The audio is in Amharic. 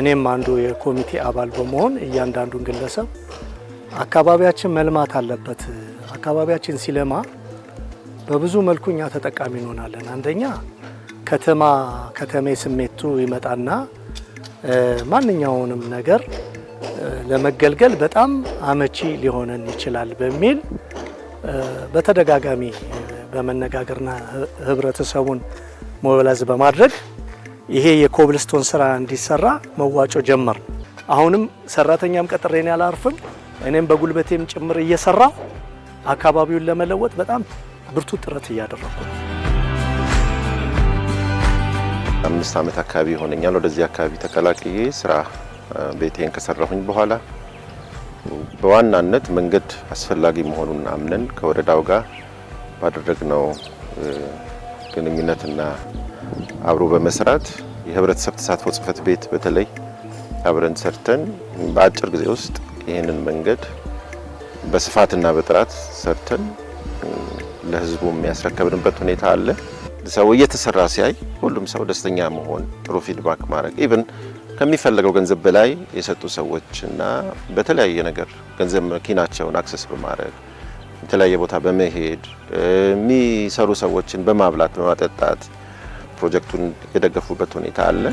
እኔም አንዱ የኮሚቴ አባል በመሆን እያንዳንዱን ግለሰብ አካባቢያችን መልማት አለበት፣ አካባቢያችን ሲለማ በብዙ መልኩ እኛ ተጠቃሚ እንሆናለን። አንደኛ ከተማ ከተሜ ስሜቱ ይመጣና ማንኛውንም ነገር ለመገልገል በጣም አመቺ ሊሆነን ይችላል በሚል በተደጋጋሚ በመነጋገርና ህብረተሰቡን ሞባላይዝ በማድረግ ይሄ የኮብልስቶን ስራ እንዲሰራ መዋጮ ጀመር። አሁንም ሰራተኛም ቀጥሬን ያላርፍም እኔም በጉልበቴም ጭምር እየሰራ አካባቢውን ለመለወጥ በጣም ብርቱ ጥረት እያደረኩ አምስት ዓመት አካባቢ ይሆነኛል ወደዚህ አካባቢ ተቀላቅዬ ስራ ቤቴን ከሰራሁኝ በኋላ በዋናነት መንገድ አስፈላጊ መሆኑን አምነን ከወረዳው ጋር ባደረግነው ግንኙነትና አብሮ በመስራት የህብረተሰብ ተሳትፎ ጽህፈት ቤት በተለይ አብረን ሰርተን በአጭር ጊዜ ውስጥ ይህንን መንገድ በስፋትና በጥራት ሰርተን ለህዝቡ የሚያስረከብንበት ሁኔታ አለ። ሰው እየተሰራ ሲያይ ሁሉም ሰው ደስተኛ መሆን፣ ጥሩ ፊድባክ ማድረግ ኢቭን ከሚፈለገው ገንዘብ በላይ የሰጡ ሰዎች እና በተለያየ ነገር ገንዘብ መኪናቸውን አክሰስ በማድረግ የተለያየ ቦታ በመሄድ የሚሰሩ ሰዎችን በማብላት በማጠጣት ፕሮጀክቱን የደገፉበት ሁኔታ አለ።